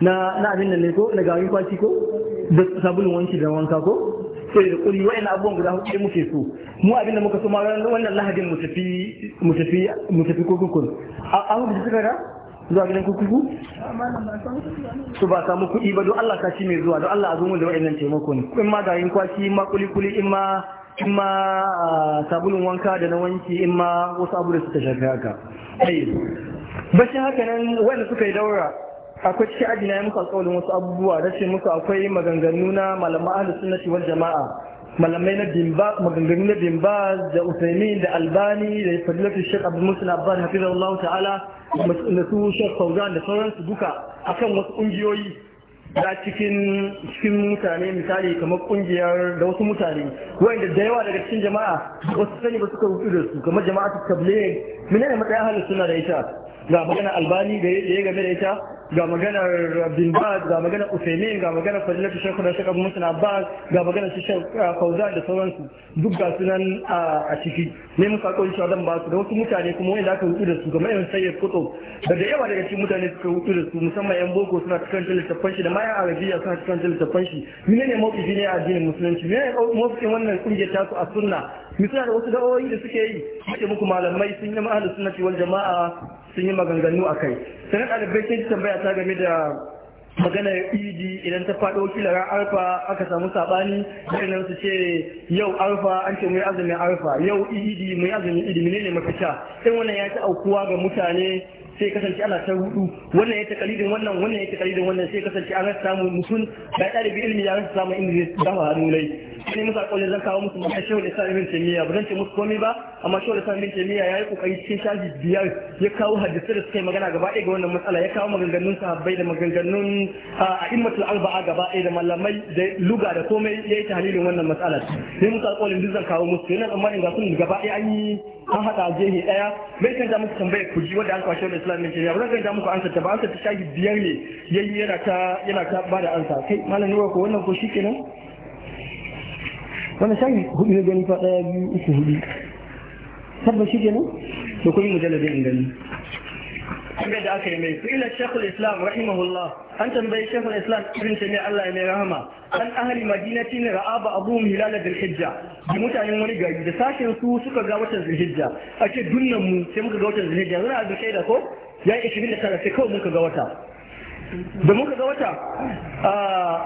na abin da ne ko na garin kwaci ko da sabulun wanki da wanka ko sai da kuri wa'in abubuwan guda hudu muke so mu abin da muka so ma wannan lahadin mu tafi mu tafi mu tafi kurkukun suka hukunta suka zuwa gidan kukuku? su ba samu kuɗi ba don Allah kashi mai zuwa don Allah a zumu da wa'annan taimako ne in ma garin kwashi in ma kulikuli in ma in ma sabulun wanka da na wanki in ma wasu abu da suka shafi haka bashin haka nan wanda suka yi daura akwai cikin ajina ya musu alƙawarin wasu abubuwa rashin musu akwai maganganu na malaman ahlus sunnati wal jama'a malamai na dimba maganganu na dimba da usaimi da albani da fadilatu shek abu musul abban hafizar Allah ta'ala da su shek fauzan da sauransu duka akan wasu ƙungiyoyi da cikin cikin mutane misali kamar kungiyar da wasu mutane wanda da yawa daga cikin jama'a wasu sani ba suka rufu da su kamar jama'a su table mene ne matsayin halin suna da ita ga magana albani da ya game da ita ga maganar bin baz ga maganar usaimin ga maganar fadilatu shekhu da shekhu musul abbas ga maganar shekhu uh, fauzan da sauransu duk ga sunan uh, a ciki ne muka kawo shi zan ba su da wasu mutane kuma wanda aka rutu da su ga irin sayyid kutub da da yawa daga cikin mutane suka rutu da su musamman yan boko suna cikin littattafan shi da ma arabiya suna cikin littattafan shi mene ne mawkifi ne a addinin musulunci mene ne mawkifin wannan kungiyar tasu a sunna misali wasu da'o'i da suke yi muke muku malamai sun yi ma'ahalar suna wal jama'a sun yi maganganu a kai sanar ɗalibai sai tambaya ta game da maganar idi idan ta faɗo kilara arfa aka samu saɓani nan su ce yau arfa an ce mu yi azumin arfa yau idi mu yi azumin idi menene mafita sai wannan ya ta aukuwa ga mutane sai kasance ana ta hudu wannan ya takalidin wannan wannan ya takalidin wannan sai kasance an rasa samun mutum ga ɗalibi ilimi ya rasa samun inda zai dafa hannu sai Musa alƙawarin zan kawo musu magana shehu islam ibn taymiya ba zan ce musu komi ba amma shehu islam ibn ya yi kokari cikin shafi biyar ya kawo hadisi da suka yi magana gaba ɗaya ga wannan matsala ya kawo maganganun sahabbai da maganganun a'immatul arba'a gaba ɗaya da malamai da luga da komai yayi tahlilin wannan matsala sai musu alƙawarin duk zan kawo musu yana tsammanin ga sun gaba ɗaya an yi an haɗa gehe ɗaya bai kan muku tambayar ku ji wanda an kwashe da islam ibn ba zan da muku ansa ta ba ansa ta shafi biyar ne yayi yana ta yana ta bada ansa kai malam ne ko wannan ko shikenan wani shafi hudu ya gani fa daya biyu uku hudu tabbas shi kenan to kun mujalladin in gani da aka yi mai ila shekul islam rahimahullah an tambayi shekul islam irin ta ne allah mai rahama an ahali madinati ne ra'aba abu hilala da hijja da mutanen wani gari da sashen su suka ga watan zulhijja ake dunnan mu sai muka ga watan zulhijja zuna abu ko ya yi 29 sai kawai muka ga wata da muka ga wata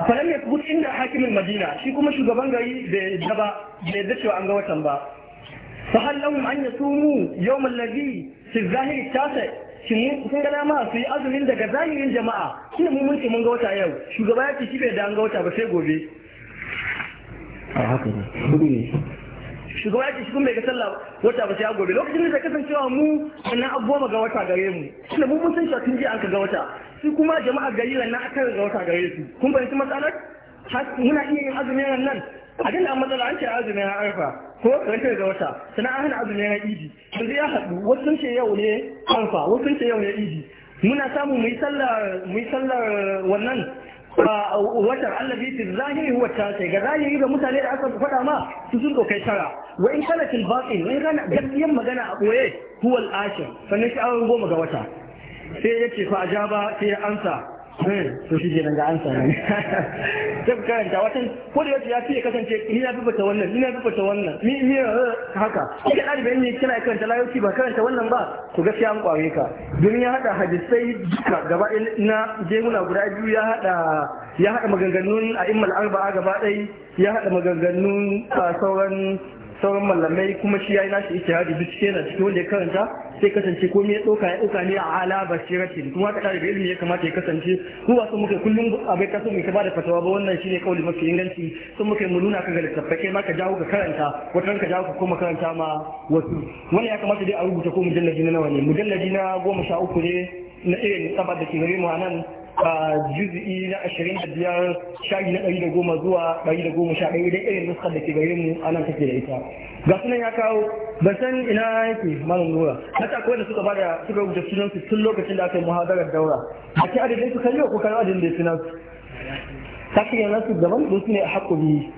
falan ya kubut inda hakimin madina shi kuma shugaban gari da ya ba da yadda cewa an ga watan ba fa hal an an sumu yau mallabi su zahiri tasa sun kun ga dama su yi azumin daga zahirin jama'a shi mu mun mun ga wata yau shugaba ya ce shi bai da an ga wata ba sai gobe a haka ne shugaba ya ce shi kun bai ga sallah wata ba sai gobe lokacin da ta kasancewa mu sannan abubuwa ga wata gare mu tunda mu mun san shi tun an ka ga wata su kuma jama'a gari nan akan ga wata gare su kun fahimci matsalar muna iya yin ran nan a dinga matsala an ce azumi ran arfa ko rantar ga wata sannan an hana azumin idi yanzu ya haɗu wasu sun ce yau ne arfa wasu sun ce yau ne idi muna samu mu yi sallar wannan watan allazi zahiri huwa tasai ga zahiri ga mutane da aka faɗa ma su sun kai tara wa in kana tilbaqin wa in kana gaskiyan magana a boye huwa al-ashir sannan shi awon goma ga wata sai yake fa ba sai ya ansa eh, to shi ke nan ga ansa ne *laughs* sai ku karanta wata ko da yace ya ce kasance ni na bibata wannan ni na bibata wannan ni ni eh, haka kike ɗalibi ne kina karanta layoci ba karanta wannan ba to gaskiya an kwaye ka domin ya hada hadisai duka gaba na muna guda biyu ya hada ya hada maganganun a'immal arba'a gaba ɗaya ya hada maganganun ah, sauran sauran mallamai kuma shi ya yi nashi ijtihadi duk cikin na cikin wanda ya karanta sai kasance komai ya ɗauka ya ɗauka ne a ala basiratin kuma ka dalibi ilimi ya kamata ya kasance ko wasu muka kullum abai kaso mai ba da fatawa ba wannan shine kauli mafi inganci sun muke mu nuna ka ga littattafai ma ka jawo ka karanta wata ka jawo ka koma karanta ma wasu wannan ya kamata dai a rubuta ko mujallaji na nawa ne mujallaji na goma sha uku ne na irin tsabar da ke gare mu a nan a juzi'i na ashirin da biyar sha'i na ɗari da goma zuwa ɗari da goma sha ɗaya idan irin nuskar da ke gare mu a nan take da ita ga sunan ya kawo ban san ina yake malam nura na ta akwai da suka da suka rubuta sunan su tun lokacin da aka yi muhadarar daura a ke adadin su kalli ko kan adadin da sunan su ta ke yana su daban don su ne a haƙuri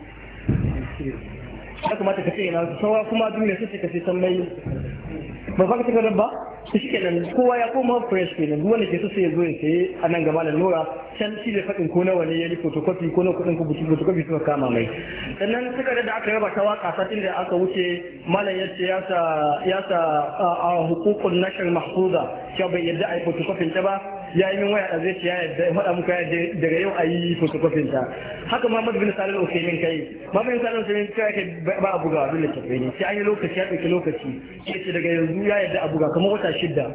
ya kamata ka ce yana su saura kuma duniya su ce ka ce san mai ba ba ka ce ka ba shikenan kowa ya koma fresh ne wanda ke so sai ya zo ya sai a nan gaba da lura can shi da faɗin ko nawa ne ya yi photocopy ko na kuɗin kubuci photocopy suka kama mai sannan suka da aka raba ta waka satin da aka wuce malam ya ce ya sa a hukukun nashar mahfuza cewa bai yadda a yi photocopy ta ba ya yi min waya da zai ce ya yadda ya faɗa muka daga yau a yi fotokofin ta haka Muhammad bin Salih al min kai Muhammad bin Salih al min kai kai ba a buga abin da tafi ne sai an yi lokaci ya ɗauki lokaci ke ce daga yanzu ya yadda a buga kamar wata shidda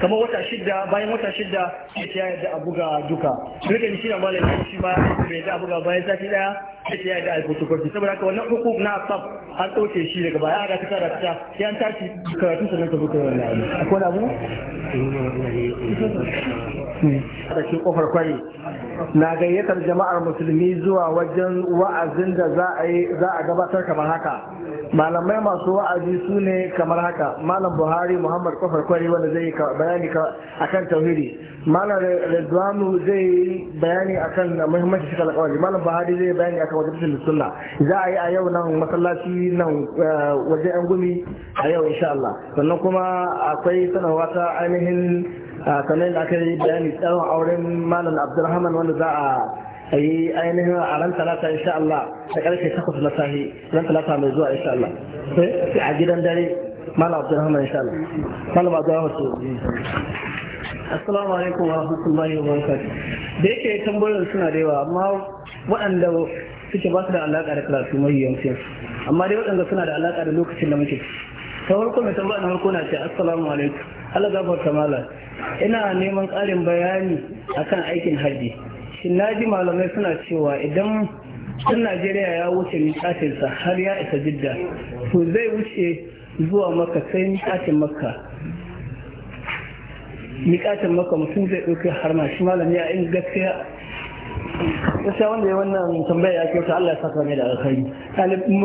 kamar wata shidda bayan wata shidda ce ya yadda a buga duka rikin shi na malamin shi ma ya yadda a buga bayan sati daya ce ya yadda a yi fotokofi saboda haka wannan hukuk na asaf an ɗauke shi daga baya aka kasa da kasa sai an tashi karatun sannan ka buga wannan abu akwai abu da shi kofar kwari na gayyatar jama'ar musulmi zuwa wajen wa'azin da za a gabatar kamar haka malamai masu wa'azi su ne kamar haka malam buhari muhammad kofar kwari wanda zai yi bayani akan tauhidi malam redwanu zai yi bayani akan muhimmanci shi Alkawari, malam buhari zai yi bayani akan wajen tushil sunna za a yi a yau nan masallaci nan eh, wajen yan gumi a yau insha Allah sannan kuma akwai sanarwa ta ainihin kamar da aka yi bayani tsawon auren malam abdulrahman wanda za a yi ainihin a ran talata insha Allah da karfe takwas na sahi ran talata mai zuwa insha Allah eh, a gidan dare malam abdulrahman insha Allah malam abdulrahman su assalamu alaikum wa rahmatullahi wa barakatuh da yake tambayoyin suna da yawa amma waɗanda suke ba su da alaƙa da karatu mai yawancin amma dai waɗanda suna da alaƙa da lokacin da muke ta farko mai tambaya na farko na ce assalamu alaikum Allah gafarta tamala ina neman karin bayani akan aikin hajji na ji malamai suna cewa idan tun Najeriya ya wuce nishatinsa har ya isa jidda to zai wuce zuwa maka sai nishatin makka nishatin makka mutum zai ɗauki har ma shi malami ya gaskiya gaskiya wanda ya wannan tambaya ya kyauta Allah ya saka mai da alkhairi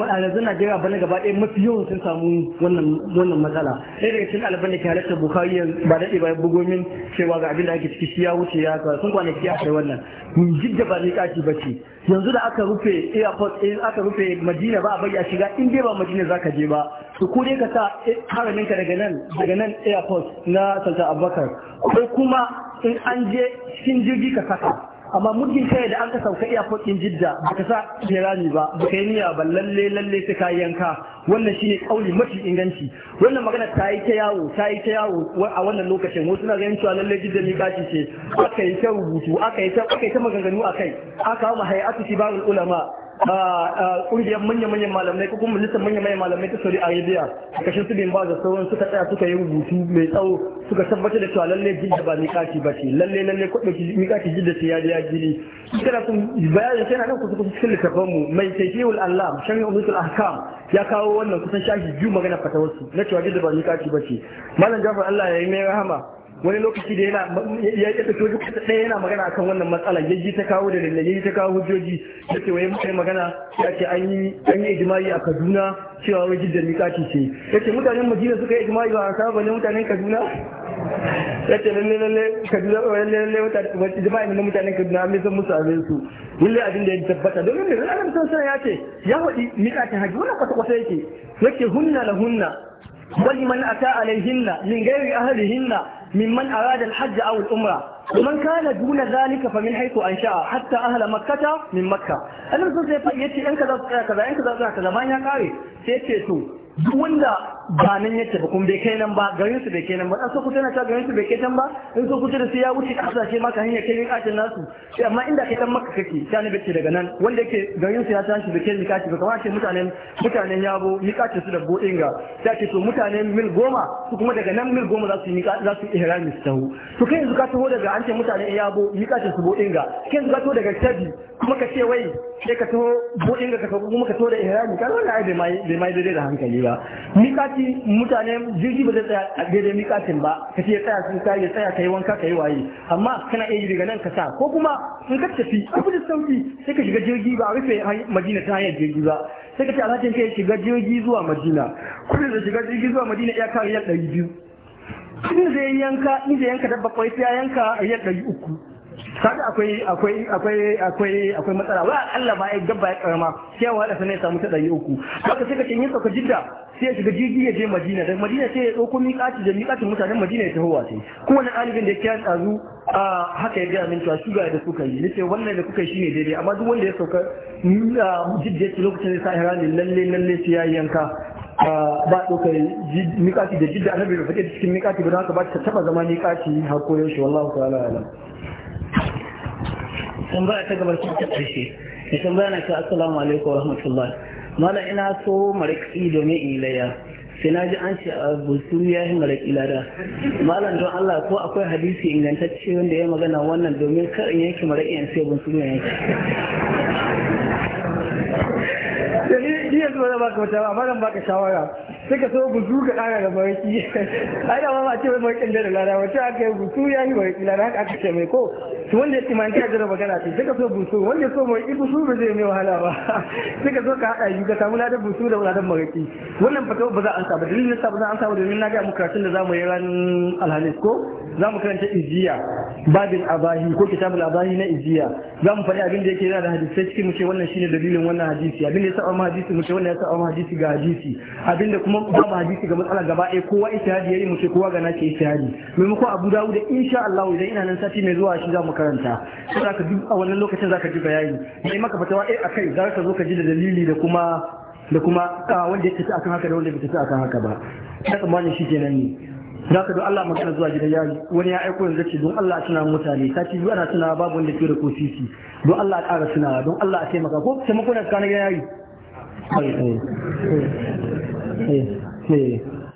alazan Najeriya bana gaba ɗaya mafi yawan sun samu wannan matsala ɗaya daga cikin alban da ke halittar bukari ba daɗe ba bugo min cewa ga abin da ake ciki ya wuce ya ka sun kwanaki ya kai wannan Mun jidda ba ni kaci ba ce yanzu da aka rufe airport eh, aka rufe Madina ba a bari a shiga in dai ba Madina zaka je ba to ko dai ka sa eh, haramin ka daga nan daga nan airport na Sultan Abubakar ko kuma in an je cikin jirgi ka saka amma mulkin kai da an ka sauka iya fokin jidda baka sa kirani ba baka yi niyya ba lalle lalle sai ka yanka wannan shine kauli mafi inganci wannan magana ta yi ta yawo ta yi ta yawo a wannan lokacin wasu na ganin cewa lalle jidda mi kaci ce aka yi ta rubutu aka yi ta maganganu a kai, aka akai aka hawa hayatu kibarul ulama kungiyar manya-manyan malamai ko kuma ministan manya-manyan malamai ta Saudi Arabia a kashin su ba da sauran suka tsaya suka yi rubutu mai tsawo suka tabbatar da cewa lalle jidda ba miƙaci ba ce lalle lalle ko ɗauki miƙaci jidda sai ya ji ya gini kana sun bayanin sai na nan kusa kusa cikin littafin mu mai taifiyul Allah shari'a usul ahkam ya kawo wannan kusan shashi biyu magana fatawarsu na cewa jidda ba miƙaci ba ce malam Jafar Allah ya yi mai rahama wani lokaci da yana ya tafi duk ɗaya yana magana akan wannan matsala ya ji ta kawo da lalle ya ta kawo hujjoji ya ce wai mutane magana ya ce an yi an yi ijma'i a Kaduna cewa wai jidda miƙati ce ya ce mutanen Madina suka yi ijma'i ba a saba ne mutanen Kaduna ya ce lalle lalle Kaduna lalle lalle mutane ijma'i ne mutanen Kaduna an san musu abin su lalle abin da ya tabbata domin ne Allah mutum sai ya ce ya faɗi miƙatin haji wannan kwata kwata yake ce hunna la hunna wani man ata alaihinna min gairi ahlihinna ممن أراد الحج أو الأمرة ومن كان دون ذلك فمن حيث أنشأ حتى أهل مكة من مكة أنا بس يتي أنك ذا كذا أنك ذا كذا ما ينكاري سيتي duk wanda ba nan yake ba kuma bai kai nan ba garin su bai kai nan ba so sokoto yana ta garin su bai kai nan ba in sokoto da sai ya wuce ka kasashe maka hanya kai yin ajin nasu sai amma inda kai dan maka kake ta ne bace daga nan wanda yake garin su ya tashi bai kai mikati ba kamar ce mutanen mutanen yabo mikatin su da bodinga ta ce to mutanen mil goma su kuma daga nan mil goma za su yi za su ihrami su tawo to kai yanzu ka taho daga an ce mutanen yabo mikatin su ga kai yanzu ka taho daga tabi kuma ka ce wai sai ka taho buɗin da ka taho kuma ka taho da ihrami kan wannan ai bai mai daidai da hankali ba mikati mutane jirgi ba zai tsaya a daidai mikatin ba ka ce ya tsaya sun kai ya tsaya kai wanka kai waye amma kana iya daga nan ka sa ko kuma in ka tafi abu da sauki sai ka shiga jirgi ba a rufe madina ta hanyar jirgi ba sai ka ce alhajin kai shiga jirgi zuwa madina kudin da shiga jirgi zuwa madina ya kawo riyal ɗari biyu in zai yanka in zai yanka dabba kwai sai ya yanka riyal ɗari uku kaga akwai akwai akwai akwai akwai matsala wa Allah ba ya gabba ya karama sai wa da sanai samu ta dai uku haka sai kace yin sauka jidda sai ya shiga jiji ya je Madina dan Madina sai ya dauko miƙati da miƙatin mutanen Madina ya taho wa sai wani alibin da ya kiyan tsazu haka ya gaya min shi ga da kuka yi nace wannan da kuka yi shine daidai amma duk wanda ya sauka jidda ya lokacin da sa ihrami lalle lalle sai ya yanka ba ɗaukar miƙati da jidda annabi da faɗi cikin miƙati ba don haka ba ta taɓa zama miƙati har koyaushe wallahu ta'ala alam tambaya ta gabar ta ƙarshe ya tambaya na ta assalamu alaikum wa rahmatullah mala ina so maraƙi domin in layya sai na ji an ce a busu ya yi maraƙi lada malam don Allah ko akwai hadisi ingantacce wanda ya magana wannan domin kar in yanke maraƙi in sai busu ya yanke ba zan baka wata ba amma zan baka shawara sai ka so buzu ka ƙara da baraki ai da ma ce mai barkin da lada wace aka yi buzu ya yi baraki lada haka aka ce mai ko to wanda ya timanci a jira magana ce sai ka so buzu wanda ya so baraki buzu ba zai mai wahala ba *laughs* sai ka so ka haɗa yi ka samu ladan buzu da ladan baraki wannan fatawa ba za a ansa ba dalilin sa ba za a ansa ba na ga mu karatun da za mu yi ran alhamis ko za mu karanta ijiya babin abahi ko kitabul abahi na ijiya za mu faɗi abin da yake yana da hadisai cikin muke wannan shine dalilin wannan hadisi abin da ya saba mu hadisi muke wannan ya saba ma hadisi ga hadisi abin da kuma ba mu hadisi ga matsala gaba ɗaya kowa ijtihadi yayi muke kowa ga nace ijtihadi maimakon Abu Dawud insha Allah idan ina nan sati mai zuwa shi za mu karanta sai ka duk a wannan lokacin zaka ji bayani sai maka fatawa eh akai za ka zo ka ji da dalili da kuma da kuma ah, wanda ya tafi akan haka da wanda bai tafi akan haka ba ta tsammanin shi kenan ne za ka don Allah magana zuwa gidan yari wani ya aiko yanzu ce don Allah tuna mutane sati biyu ana tuna babu wanda ke da ko sisi don Allah a ƙara tuna don Allah a taimaka ko taimako na tsakanin gidan yari eh, eh, eh,